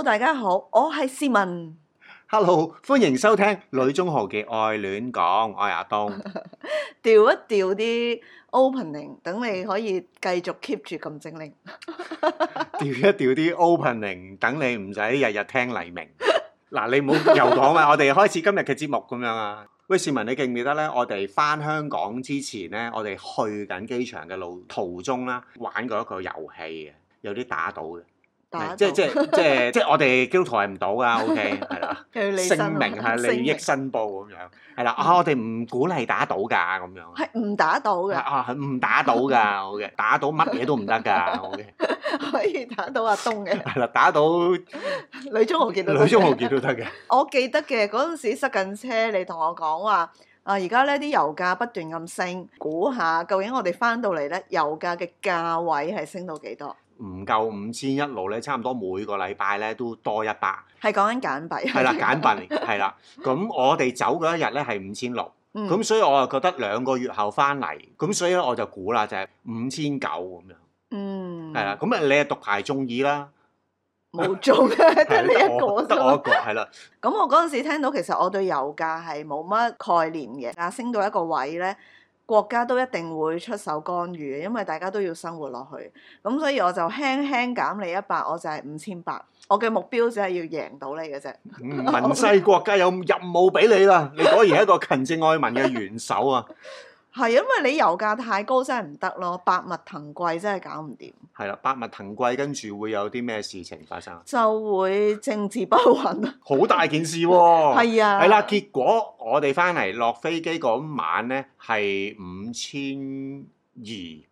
Hello，大家好，我係思文。Hello，歡迎收聽女中豪傑嘅愛戀講，我係阿東。調一調啲 opening，等你可以繼續 keep 住咁精靈。調一調啲 opening，等你唔使日日聽黎明。嗱，你唔好又講啊！我哋開始今日嘅節目咁樣啊。喂，思文，你記唔記得咧？我哋返香港之前咧，我哋去緊機場嘅路途中啦，玩過一個遊戲啊，有啲打賭嘅。即即即即我哋基督徒係唔賭噶，OK，係啦，佢哋聲明係利益申報咁樣，係啦，啊我哋唔鼓勵打賭噶咁樣，係唔打賭嘅。啊唔打賭噶，好嘅，打賭乜嘢都唔得噶，OK，可以打賭阿東嘅，係啦，打賭女中豪傑都女中豪傑都得嘅。我記得嘅嗰陣時塞緊車，你同我講話啊，而家咧啲油價不斷咁升，估下究竟我哋翻到嚟咧油價嘅價位係升到幾多？唔夠五千一路咧，5, 16，差唔多每個禮拜咧都多 一百。係講緊柬幣。係啦，柬幣嚟嘅，係啦。咁我哋走嗰一日咧係五千六，咁所以我又覺得兩個月後翻嚟，咁所以我就估啦就係五千九咁樣。嗯，係啦。咁啊，你係讀牌中意啦。冇做啊，得你一個啫 我，我一個係啦。咁 我嗰陣時聽到其實我對油價係冇乜概念嘅，但升到一個位咧。國家都一定會出手干預，因為大家都要生活落去。咁所以我就輕輕減你一百，我就係五千八。我嘅目標就係要贏到你嘅啫。文西國家有任務俾你啦，你果然係一個勤政愛民嘅元首啊！ 係，因為你油價太高真係唔得咯，百物騰貴真係搞唔掂。係啦，百物騰貴跟住會有啲咩事情發生？就會政治不穩啊！好 大件事喎！係 啊！係啦，結果我哋翻嚟落飛機嗰晚咧係五千二，5, 200,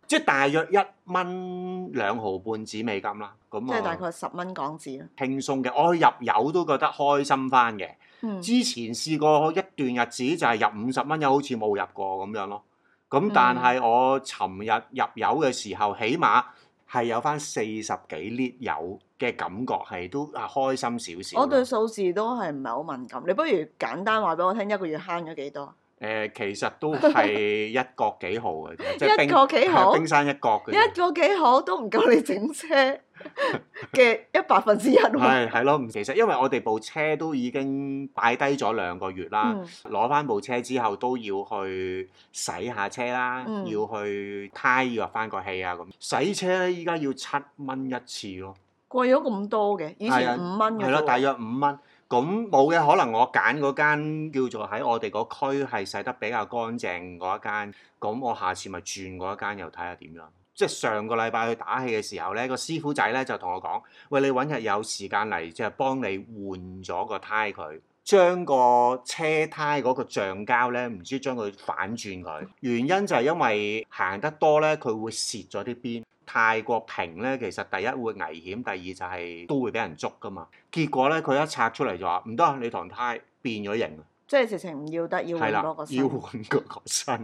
即係大約一蚊兩毫半紙美金啦。咁即係大概十蚊港紙啦。輕鬆嘅，我去入油都覺得開心翻嘅。嗯，之前試過一段日子就係入五十蚊又好似冇入過咁樣咯。咁、嗯、但係我尋日入油嘅時候，起碼係有翻四十幾 lift 油嘅感覺，係都啊，開心少少。我對數字都係唔係好敏感，你不如簡單話俾我聽，一個月慳咗幾多？誒，其實都係一角幾毫嘅啫，即係冰山一角嘅。一角幾毫都唔夠你整車嘅一百分之一喎。係係咯，其實因為我哋部車都已經擺低咗兩個月啦，攞翻部車之後都要去洗下車啦，要去胎又翻個氣啊咁。洗車咧，依家要七蚊一次咯，貴咗咁多嘅，以前五蚊嘅。係咯，大約五蚊。咁冇嘅，可能我揀嗰間叫做喺我哋個區係洗得比較乾淨嗰一間，咁我下次咪轉嗰一間又睇下點樣。即係上個禮拜去打氣嘅時候咧，個師傅仔咧就同我講：喂，你揾日有時間嚟，即係幫你換咗個胎佢，將個車胎嗰個橡膠咧，唔知將佢反轉佢。原因就係因為行得多咧，佢會蝕咗啲邊。太過平咧，其實第一會危險，第二就係都會俾人捉噶嘛。結果咧，佢一拆出嚟就話唔得，你堂胎變咗形。即係直情唔要得，要換多個新。 要換個個新，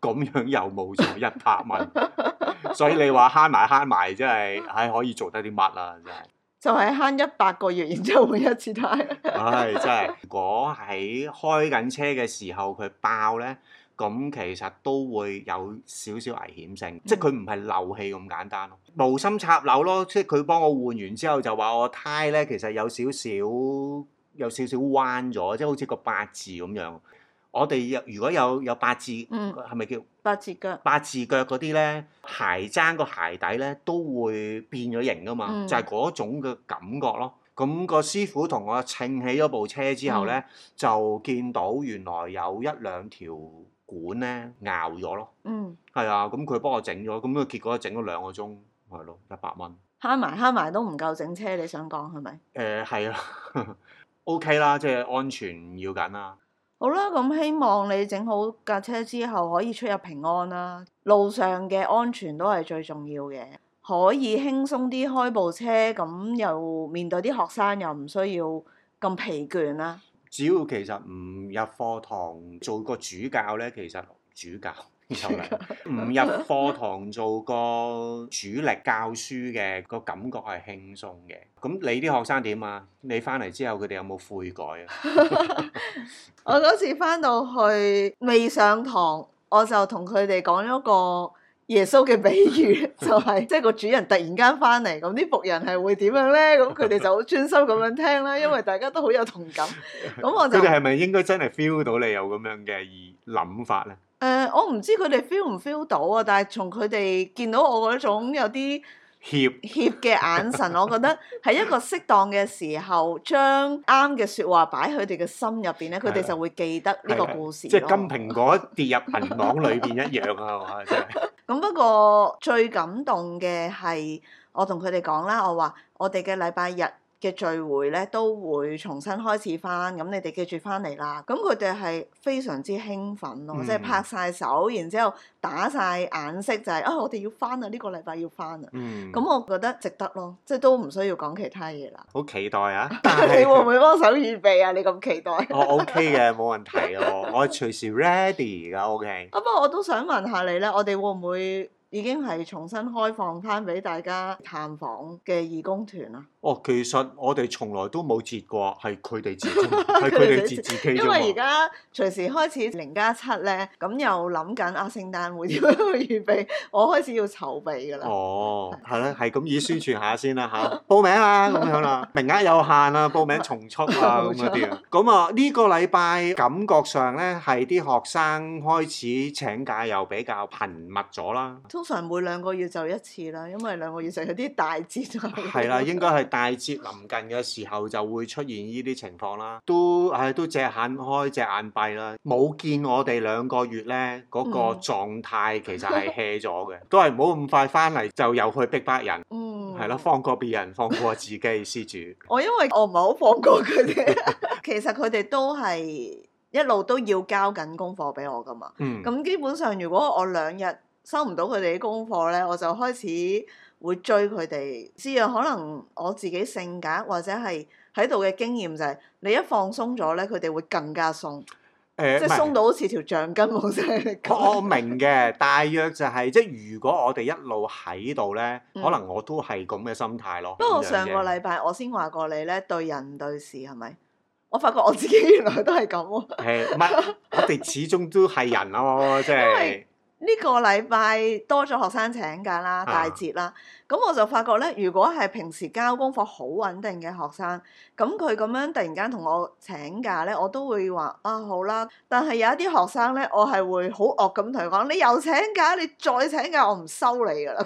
咁樣又冇咗一百蚊。 所以你話慳埋慳埋，真係係可以做得啲乜啊？真係就係慳一百個月，然之後換一次胎。唉， 真係，如果喺開緊車嘅時候佢爆咧。咁其實都會有少少危險性，嗯、即係佢唔係漏氣咁簡單咯，無心插柳咯，即係佢幫我換完之後就話我胎咧其實有少少有少少彎咗，即係好似個八字咁樣。我哋如果有有八字，嗯，係咪叫八字腳？八字腳嗰啲咧鞋踭個鞋底咧都會變咗形㗎嘛，嗯、就係嗰種嘅感覺咯。咁、嗯、個師傅同我稱起咗部車之後咧，嗯、就見到原來有一兩條。管呢熬咗咯，嗯，係啊，咁佢幫我整咗，咁佢結果整咗兩個鐘，係咯，一百蚊，慳埋慳埋都唔夠整車，你想講係咪？誒係啊，OK 啦，即係安全要緊啦。好啦，咁希望你整好架車之後可以出入平安啦，路上嘅安全都係最重要嘅，可以輕鬆啲開部車，咁又面對啲學生又唔需要咁疲倦啦。只要其實唔入課堂做個主教呢，其實主教又唔，其實，入課堂做個主力教書嘅個感覺係輕鬆嘅。咁你啲學生點啊？你翻嚟之後佢哋有冇悔改啊？ 我嗰次翻到去，未上堂，我就同佢哋講咗個。耶穌嘅比喻就係、是， 即係個主人突然間翻嚟，咁啲僕人係會點樣咧？咁佢哋就好專心咁樣聽啦，因為大家都好有同感。咁 我哋就，佢哋係咪應該真係 feel 到你有咁樣嘅而諗法咧？誒、呃，我唔知佢哋 feel 唔 feel 到啊，但係從佢哋見到我嗰種有啲。怯 怯嘅眼神，我覺得係一個適當嘅時候，將啱嘅説話擺佢哋嘅心入邊咧，佢哋就會記得呢個故事。即係金蘋果跌入銀網裏邊一樣啊嘛！咁 的不過最感動嘅係我同佢哋講啦，我話我哋嘅禮拜日，嘅聚會咧，都會重新開始翻，咁你哋記住翻嚟啦。咁佢哋係非常之興奮咯，即係、嗯、拍晒手，然之後打晒眼色，就係、是、啊，我哋要翻啊，呢、這個禮拜要翻啊。嗯，咁我覺得值得咯，即係都唔需要講其他嘢啦。好期待啊！但 你會唔會幫手預備啊？你咁期待？我 oh, OK 嘅，冇問題咯，我隨時 ready 噶，OK。咁啊， 我都想問下你咧，我哋會唔會？已經係重新開放翻俾大家探訪嘅義工團啦。哦，其實我哋從來都冇接過，係佢哋接，係佢哋接自己啫。因為而家隨時開始零加七咧，咁又諗緊啊聖誕會點樣去預備，我開始要籌備噶啦。哦，係啦的，係咁以宣傳下先啦嚇， 報名啦咁樣啦，名額有限啊，報名從速啊咁嗰啲。咁啊， 呢 個禮拜感覺上咧係啲學生開始請假又比較頻密咗啦。通常每兩個月就一次啦，因為兩個月就有啲大節。係啦，應該係大節臨近嘅時候就會出現呢啲情況啦。都係都隻眼開隻眼閉啦，冇見我哋兩個月咧嗰、那個狀態其實係 hea 咗嘅， 都係唔好咁快翻嚟就又去逼迫人。嗯，係咯，放過別人，放過自己，施主。 我因為我唔係好放過佢哋，其實佢哋都係一路都要交緊功課俾我噶嘛。嗯。咁基本上，如果我兩日，收唔到佢哋啲功課咧，我就開始會追佢哋。知啊，可能我自己性格或者係喺度嘅經驗就係、是，你一放鬆咗咧，佢哋會更加鬆。誒、欸，即係鬆到好似條橡筋咁先。我我明嘅，大約就係、是、即係如果我哋一路喺度咧，可能我都係咁嘅心態咯。不過、嗯、這樣 上個禮拜我先話過你咧，對人對事係咪？我發覺我自己原來都係咁喎。係、欸，唔係 我哋始終都係人咯，即、就、係、是。呢個禮拜多咗學生請假啦，大節啦，咁、啊、我就發覺咧，如果係平時交功課好穩定嘅學生，咁佢咁樣突然間同我請假咧，我都會話啊好啦。但係有一啲學生咧，我係會好惡咁同佢講，你又請假，你再請假我唔收你噶啦。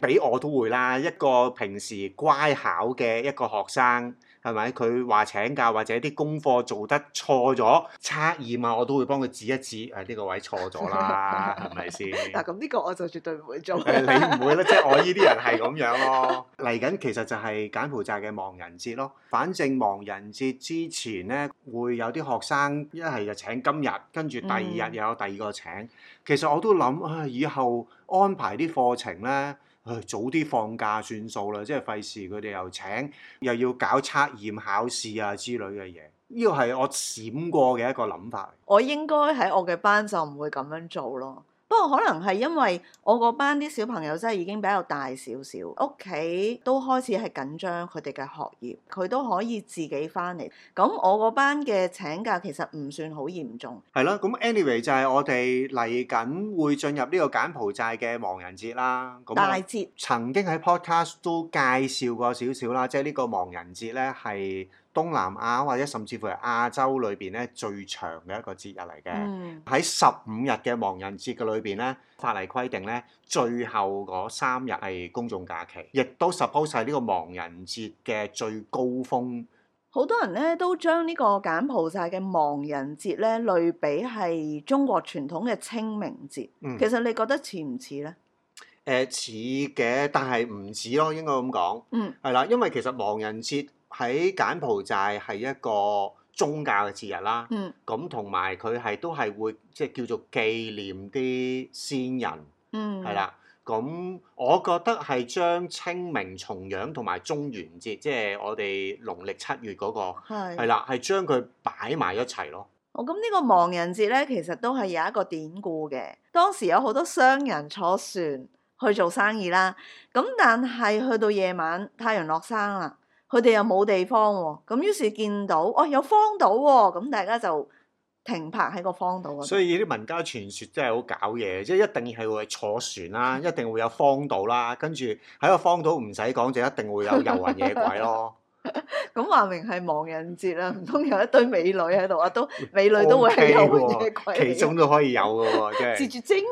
俾 我都會啦，一個平時乖巧嘅一個學生。係咪佢話請假或者啲功課做得錯咗測驗啊？我都會幫佢指一指。誒、啊、呢、這個位錯咗啦，係咪先？咁呢、啊這個我就絕對唔會做。 啊、你唔會啦，即係我呢啲人係咁樣咯。嚟緊 其實就係柬埔寨嘅亡人節咯。反正亡人節之前咧，會有啲學生一係就請今日，跟住第二日又有第二個請。嗯、其實我都諗啊，以後安排啲課程咧。誒早啲放假算數啦，即係費事佢哋又請又要搞測驗考試啊之類嘅嘢，呢個係我閃過嘅一個諗法。我應該喺我嘅班就唔會咁樣做咯。不過可能係因為我嗰班啲小朋友真係已經比較大少少，屋企都開始係緊張佢哋嘅學業，佢都可以自己翻嚟。咁我嗰班嘅請假其實唔算好嚴重。係咯，咁 anyway 就係我哋嚟緊會進入呢個柬埔寨嘅亡人節啦。大節節曾經喺 podcast 都介紹過少少啦，即係呢個亡人節咧係。東南亞或者甚至乎係亞洲裏邊咧最長嘅一個節日嚟嘅，喺十五日嘅亡人節嘅裏邊咧，法例規定咧最後嗰三日係公眾假期，亦都 suppose 係呢個亡人節嘅最高峰。好多人咧都將呢個柬埔寨嘅亡人節咧類比係中國傳統嘅清明節，嗯、其實你覺得似唔似咧？誒似嘅，但係唔似咯，應該咁講。嗯，係啦，因為其實亡人節。喺柬埔寨係一個宗教嘅節日啦，咁同埋佢係都係會即係叫做紀念啲先人，嗯，係啦。咁我覺得係將清明、重陽同埋中元節，即係我哋農曆七月嗰個，係啦，係將佢擺埋一齊咯。我咁呢個亡人節咧，其實都係有一個典故嘅。當時有好多商人坐船去做生意啦，咁但係去到夜晚，太陽落山啦。佢哋又冇地方喎，咁於是見到哦有荒島喎、啊，咁大家就停泊喺個荒島。所以啲民間傳說真係好搞嘢，即係一定係會坐船啦，一定會有荒島啦，跟住喺個荒島唔使講就一定會有遊魂野鬼咯。咁話 明係亡人節啦，唔通有一堆美女喺度啊？都美女都會係遊魂野鬼，okay 啊，其中都可以有嘅喎， 即係絕絕精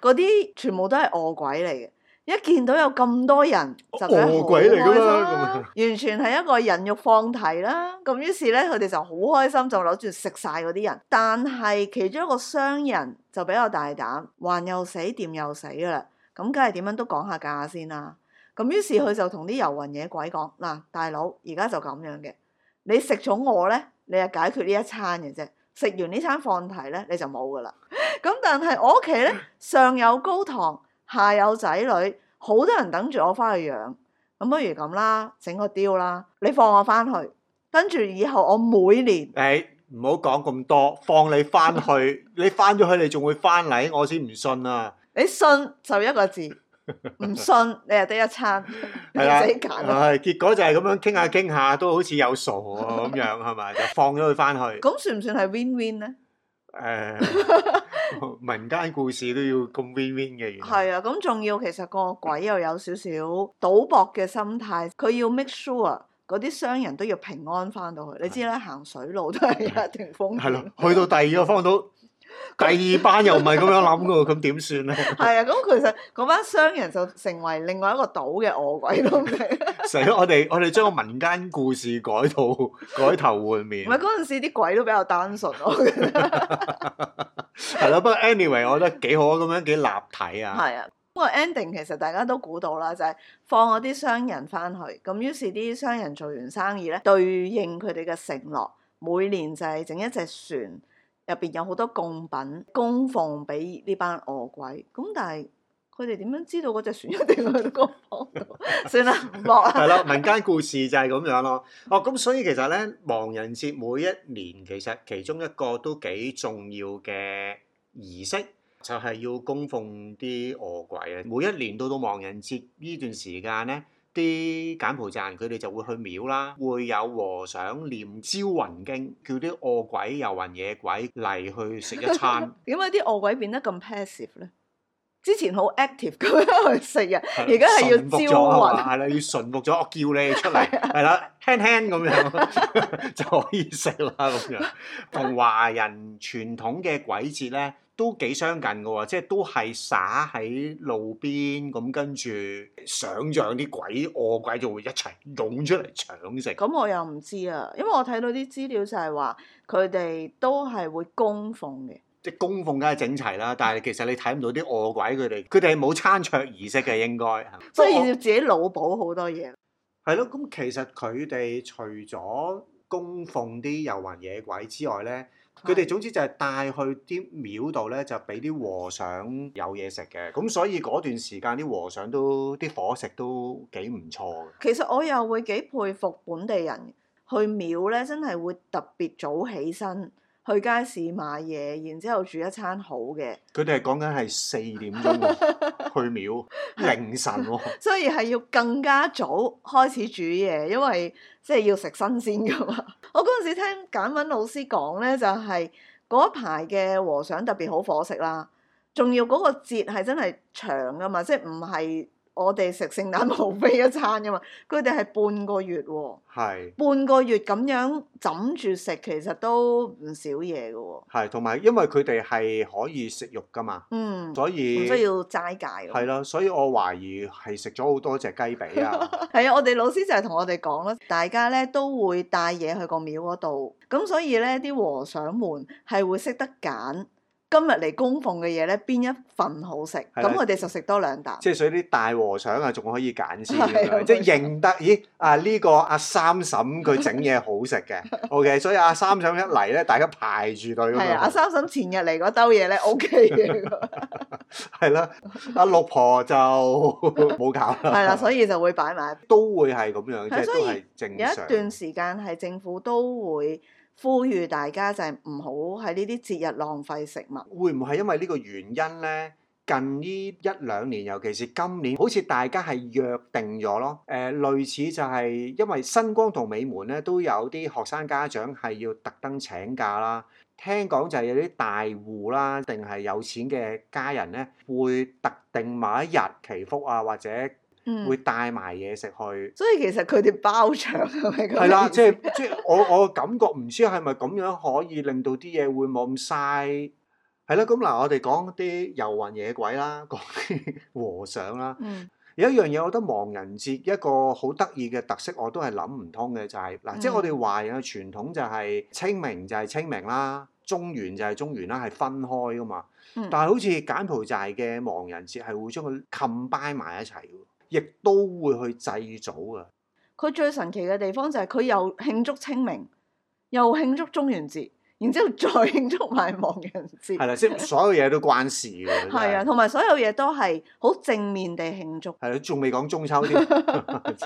嗰啲全部都係餓鬼嚟嘅。一見到有咁多人，就係惡鬼嚟噶，完全係一個人肉放題啦。咁於是咧，佢哋就好開心，就攞住食晒嗰啲人。但係其中一個商人就比較大膽，還又死，掂又死噶啦。咁梗係點樣都講下價先啦。咁於是佢就同啲遊魂野鬼講：嗱、 啊，大佬，而家就咁樣嘅，你食咗我咧，你係解決呢一餐嘅啫。食完呢餐放題咧，你就冇噶啦。咁但係我屋企咧，上有高堂。 下有仔女，好多人等住我翻去養，咁不如咁啦，整個 deal 啦，你放我翻去，跟住以後我每年，誒唔好講咁多，放你翻去， 你翻咗去你仲會翻嚟，我先唔信啊！你信就一個字，唔信你又得一餐， 你自己揀。係、嗯、結果就係咁樣傾下傾下，都好似有數咁樣係咪？就放咗佢翻去，咁 算唔算係 win win 咧？誒，uh, 民間故事都要咁 win win 嘅，係啊，咁仲要其實個鬼又有少少賭博嘅心態，佢要 make sure 嗰啲商人都要平安翻到去。啊、你知啦，行水路都係一陣風，係咯、啊啊，去到第二個方島。 第二班又唔係咁樣諗噶，咁點算咧？係啊，咁其實嗰班商人就成為另外一個島嘅餓鬼咁嘅。死 我哋！我哋將個民間故事改到改頭換面。唔係嗰陣時啲鬼都比較單純咯。係咯，不過 anyway，我覺得幾好咁樣幾立體啊。係 啊，不過 ending 其實大家都估到啦，就係、是、放我啲商人翻去，咁於是啲商人做完生意咧，對應佢哋嘅承諾，每年就係整一隻船。入邊有好多供品供奉俾呢班餓鬼，咁但係佢哋點樣知道嗰隻船喺邊個地方？ 算啦，唔講啦。係咯， 民間故事就係咁樣咯。哦，咁所以其實咧，亡人節每一年其實其中一個都幾重要嘅儀式，就係、是、要供奉啲餓鬼啊。每一年到到亡人節呢段時間咧。啲柬埔寨，佢哋就會去廟啦，會有和尚念招魂經，叫啲餓鬼、遊魂野鬼嚟去食一餐。點解啲餓鬼變得咁 passive 咧？之前好 active 咁樣去食啊，而家係要招魂啊，你順服咗，我叫你出嚟，係啦，輕輕咁樣 就可以食啦咁樣。同華人傳統嘅鬼節咧都幾相近㗎喎，即係都係灑喺路邊咁，跟住想像啲鬼、餓鬼就會一齊湧出嚟搶食。咁我又唔知啊，因為我睇到啲資料就係話佢哋都係會供奉嘅。即供奉梗係整齊啦，但係其實你睇唔到啲餓鬼佢哋，佢哋係冇餐桌儀式嘅應該， 所以要自己腦補好多嘢。係咯，咁其實佢哋除咗供奉啲遊魂野鬼之外咧，佢哋總之就係帶去啲廟度咧，就俾啲和尚有嘢食嘅。咁所以嗰段時間啲和尚都啲伙食都幾唔錯。其實我又會幾佩服本地人去廟咧，真係會特別早起身。去街市買嘢，然之後煮一餐好嘅。佢哋係講緊係四點鐘去廟，凌晨喎、哦， 所以係要更加早開始煮嘢，因為即係要食新鮮㗎嘛。 我嗰陣時聽簡敏老師講呢，就係嗰排嘅和尚特別好伙食啦，仲要嗰個節係真係長㗎嘛，即係唔係。我哋食聖誕無非一餐啫嘛，佢哋係半個月喎、哦，是半個月咁樣枕住食，其實都唔少嘢嘅喎。係，同埋因為佢哋係可以食肉噶嘛，嗯、所以唔需要齋戒。係咯、啊，所以我懷疑係食咗好多隻雞髀啊！係 啊，我哋老師就係同我哋講啦，大家咧都會帶嘢去個廟嗰度，咁所以咧啲和尚們係會識得揀。今日嚟供奉嘅嘢咧，邊一份好食？咁我哋就食多兩啖。即係所以啲大和尚啊，仲可以揀先，即係認得。咦？啊呢個阿三嬸佢整嘢好食嘅。OK，所以阿三嬸一嚟咧，大家排住隊。係啊，阿三嬸前日嚟嗰兜嘢咧，OK 嘅。係啦，阿六婆就冇搞啦。係啦，所以就會擺埋。都會係咁樣，即係都係正常。有一段時間係政府都會。呼籲大家就係唔好喺呢啲節日浪費食物。會唔會係因為呢個原因咧？近呢一兩年，尤其是今年，好似大家係約定咗咯。誒、呃，類似就係因為新光同美門咧，都有啲學生家長係要特登請假啦。聽講就係有啲大戶啦，定係有錢嘅家人咧，會特定某一日祈福啊，或者。嗯、會帶埋嘢食去，所以其實佢哋包場係咪？係啦的，即係即係我我感覺唔知係咪咁樣可以令到啲嘢會冇咁曬。係啦，咁嗱，我哋講啲遊魂野鬼啦，講啲和尚啦。嗯、有一樣嘢，我覺得亡人節一個好得意嘅特色，我都係諗唔通嘅，就係、是、嗱，即係、嗯、我哋人嘅傳統就係清明就係清明啦，中原就係中原啦，係分開噶嘛。嗯、但係好似柬埔寨嘅亡人節係會將佢冚 o 埋一齊。亦都會去祭祖㗎。佢最神奇嘅地方就係佢又慶祝清明，又慶祝中元節，然之後再慶祝埋亡人節。係啦， 即係所有嘢都關事㗎。係啊， 同埋所有嘢都係好正面地慶祝。係啊，仲未講中秋添，真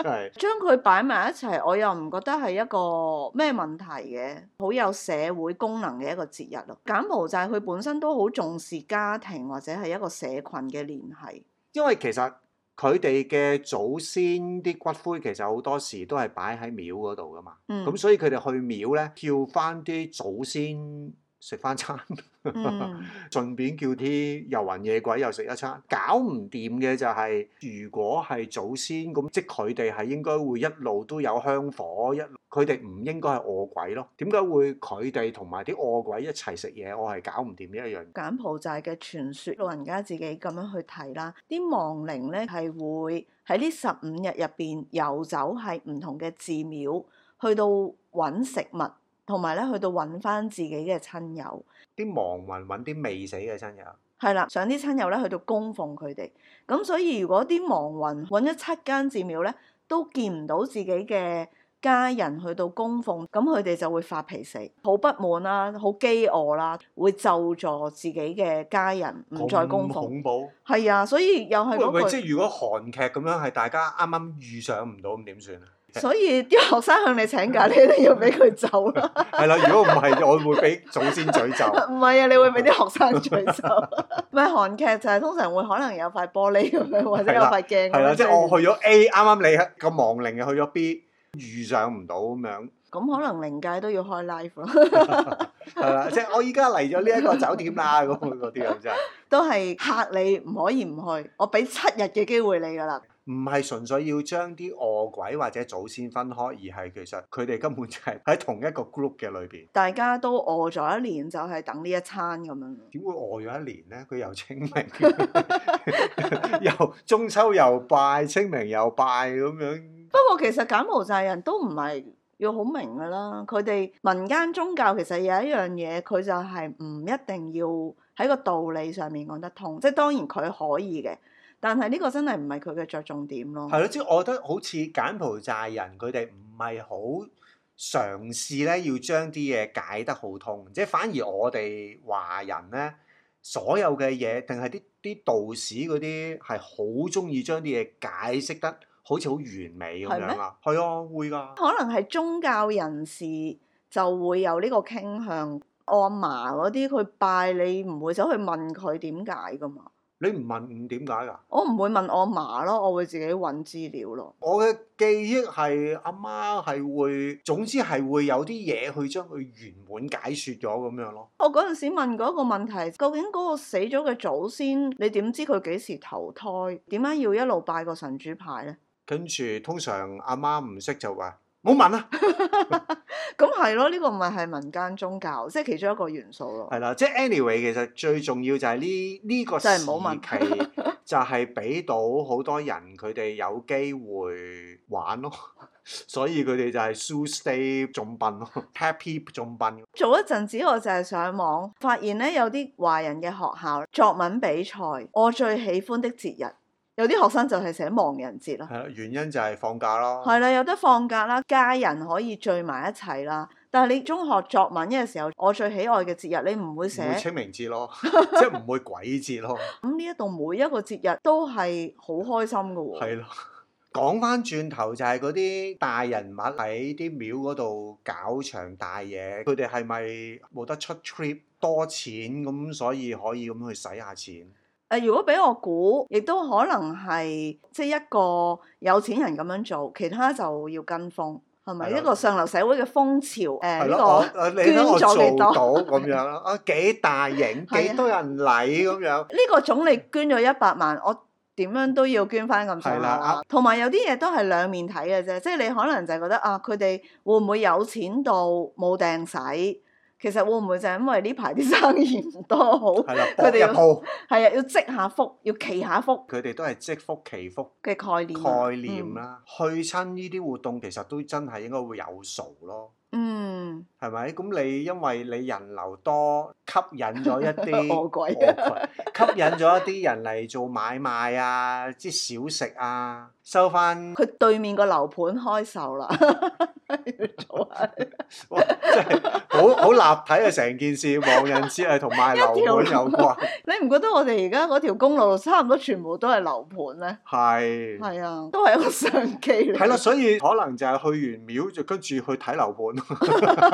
係將佢擺埋一齊，我又唔覺得係一個咩問題嘅，好有社會功能嘅一個節日咯。柬埔寨佢本身都好重視家庭或者係一個社群嘅聯繫，因為其實。佢哋嘅祖先啲骨灰其實好多時都係擺喺廟嗰度㗎嘛，咁、嗯、所以佢哋去廟咧，叫返啲祖先。食翻餐， 順便叫啲遊魂夜鬼又食一餐。搞唔掂嘅就係，如果係祖先咁，即佢哋係應該會一路都有香火，一佢哋唔應該係餓鬼咯。點解會佢哋同埋啲餓鬼一齊食嘢？我係搞唔掂呢一樣。柬埔寨嘅傳說，老人家自己咁樣去睇啦。啲亡靈咧係會喺呢十五日入邊遊走，係唔同嘅寺廟去到揾食物。同埋咧，去到揾翻自己嘅親友，啲亡魂揾啲未死嘅親友，係啦，想啲親友咧去到供奉佢哋，咁所以如果啲亡魂揾咗七間寺廟咧，都見唔到自己嘅家人去到供奉，咁佢哋就會發脾氣，好不滿啦，好飢餓啦，會咒助自己嘅家人唔再供奉。恐怖！係啊，所以又係咁。喂喂，即係如果韓劇咁樣，係大家啱啱遇上唔到，咁點算啊？所以啲學生向你請假， 你一定要俾佢走啦、啊。係啦，如果唔係， 我會俾祖先詛咒。唔係啊，你會俾啲學生詛咒。唔 係韓劇就係、是、通常會可能有塊玻璃咁樣，或者有塊鏡咁樣，係啦，即係我去咗 A，啱啱你喺個亡靈又去咗 B，遇上唔到咁樣。咁可能靈界都要開 live 咯。係 啦， 即、就、係、是、我依家嚟咗呢一個酒店啦，咁嗰啲咁真係。都係嚇你唔可以唔去，我俾七日嘅機會你㗎啦。.唔係純粹要將啲餓鬼或者祖先分開，而係其實佢哋根本就係喺同一個 group 嘅裏邊，大家都餓咗一年就係、是、等呢一餐咁樣。點會餓咗一年呢？佢又清明，又 中秋，又拜清明，又拜咁樣。 不過其實柬埔寨人都唔係要好明噶啦，佢哋民間宗教其實有一樣嘢，佢就係唔一定要喺個道理上面講得通，即係當然佢可以嘅。但係呢個真係唔係佢嘅着重點咯。係咯，即係我覺得好似柬埔寨人佢哋唔係好嘗試咧，要將啲嘢解得好通，即係反而我哋華人咧，所有嘅嘢定係啲啲道士嗰啲係好中意將啲嘢解釋得好似好完美咁樣啊。係啊嗎，會㗎。可能係宗教人士就會有呢個傾向。我阿嫲嗰啲佢拜你唔會走去問佢點解㗎嘛？你唔問點解㗎？我唔會問我阿嫲咯，我會自己揾資料咯。我嘅記憶係阿媽係會，總之係會有啲嘢去將佢圓滿解説咗咁樣咯。我嗰陣時問過一個問題，究竟嗰個死咗嘅祖先，你點知佢幾時投胎？點解要一路拜個神主牌咧？跟住通常阿媽唔識就話。冇問啊，咁係咯，呢、這個咪係民間宗教，即係其中一個元素咯。係啦，即係 anyway，其實最重要就係呢呢個時期就係俾到好多人佢哋有機會玩咯， 所以佢哋就係 show stay 中品咯，happy 中品。做一陣子我就係上網發現咧，有啲華人嘅學校作文比賽，我最喜歡的節日。有啲學生就係寫亡人節咯，原因就係放假咯。係啦，有得放假啦，家人可以聚埋一齊啦。但係你中學作文嘅時候，我最喜愛嘅節日，你唔會寫。唔會清明節咯， 即係唔會鬼節咯。咁呢一度每一個節日都係好開心嘅喎。係咯，講翻轉頭就係嗰啲大人物喺啲廟嗰度搞場大嘢，佢哋係咪冇得出 trip 多錢咁，所以可以咁去使下錢？誒，如果俾我估，亦都可能係即係一個有錢人咁樣做，其他就要跟風，係咪的一個上流社會嘅風潮？誒，呢個捐咗做到咁 樣，啊幾大型，幾多人禮咁的樣。呢 個總理捐咗一百萬，我點樣都要捐翻咁多。係啦的，同埋有啲嘢都係兩面睇嘅啫，即係你可能就係覺得啊，佢哋會唔會有錢到冇掟使？其實會唔會就係因為呢排啲生意唔多好？係啦的，搏一鋪波，係啊，要積下福，要祈下福。佢哋都係積福祈福嘅概念。概念啦、啊，嗯、去親呢啲活動其實都真係應該會有數咯。嗯，係咪？咁你因為你人流多，吸引咗一啲， 鬼啊、 吸引咗一啲人嚟做買賣啊，即係小食啊。收翻佢對面個樓盤開售啦！ 做啊 ，真係好好立體啊！成件事，無人知係同賣樓盤有關。條 你唔覺得我哋而家嗰條公路差唔多全部都係樓盤咩？係係是啊，都係一個神奇。係咯、啊，所以可能就係去完廟就跟住去睇樓盤，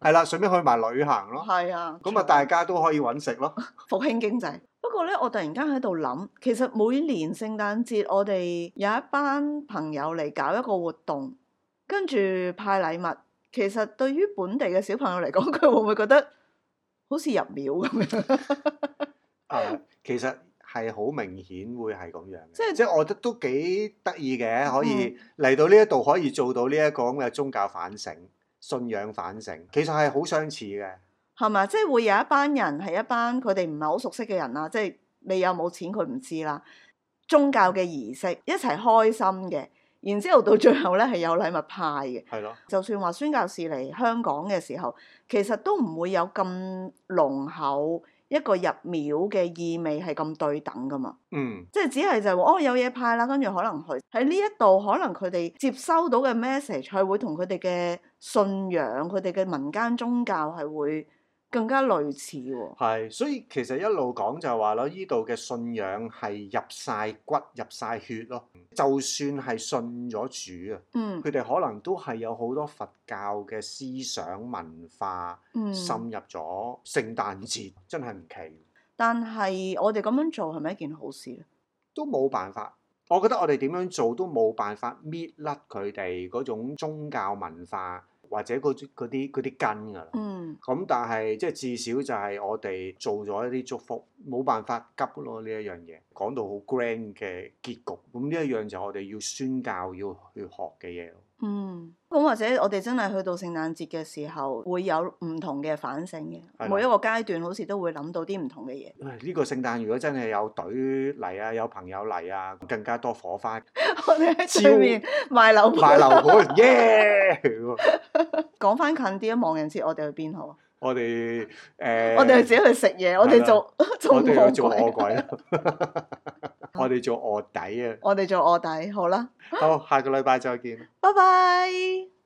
係 啦、啊，順便去埋旅行咯。係啊，咁啊，大家都可以搵食咯、啊，復興經濟。不過咧，我突然間喺度諗，其實每年聖誕節我哋有一班朋友嚟搞一個活動，跟住派禮物。其實對於本地嘅小朋友嚟講，佢會唔會覺得好似入廟咁樣？ 啊，其實係好明顯會係咁樣嘅，即係、即係我覺得都幾得意嘅，可以嚟到呢一度可以做到呢一個咁嘅宗教反省、信仰反省，其實係好相似嘅。係嘛？即係會有一班人係一班佢哋唔係好熟悉嘅人啦。即係你有冇錢佢唔知啦。宗教嘅儀式一齊開心嘅，然之後到最後咧係有禮物派嘅。係咯的。就算話宣教士嚟香港嘅時候，其實都唔會有咁濃厚一個入廟嘅意味係咁對等㗎嘛。嗯。即係只係就係話，哦有嘢派啦，跟住可能去喺呢一度，可能佢哋接收到嘅 message 係會同佢哋嘅信仰、佢哋嘅民間宗教係會，更加類似喎、哦，係，所以其實一路講就係話咯，呢度嘅信仰係入晒骨入晒血咯。就算係信咗主啊，佢哋、嗯、可能都係有好多佛教嘅思想文化滲入咗聖誕節，嗯、真係唔奇。但係我哋咁樣做係咪一件好事咧？都冇辦法，我覺得我哋點樣做都冇辦法搣甩佢哋嗰種宗教文化。或者嗰啲啲根㗎啦，咁、嗯、但係即係至少就係我哋做咗一啲祝福，冇辦法急咯呢一樣嘢。講到好 grand 嘅結局，咁呢一樣就係我哋要宣教要去學嘅嘢。嗯，咁或者我哋真係去到聖誕節嘅時候，會有唔同嘅反省嘅。的每一個階段好似都會諗到啲唔同嘅嘢。呢、哎呢個聖誕如果真係有隊嚟啊，有朋友嚟啊，更加多火花。 我哋喺出面賣樓盤，賣樓盤，耶！講、yeah! 翻 近啲啊，亡人節，我哋去邊好？我哋誒，呃、我哋係自己去食嘢，的我哋做我哋 做餓做 鬼。我哋做臥底啊！我哋做臥底，好啦。好，下個禮拜再見。拜拜。 bye bye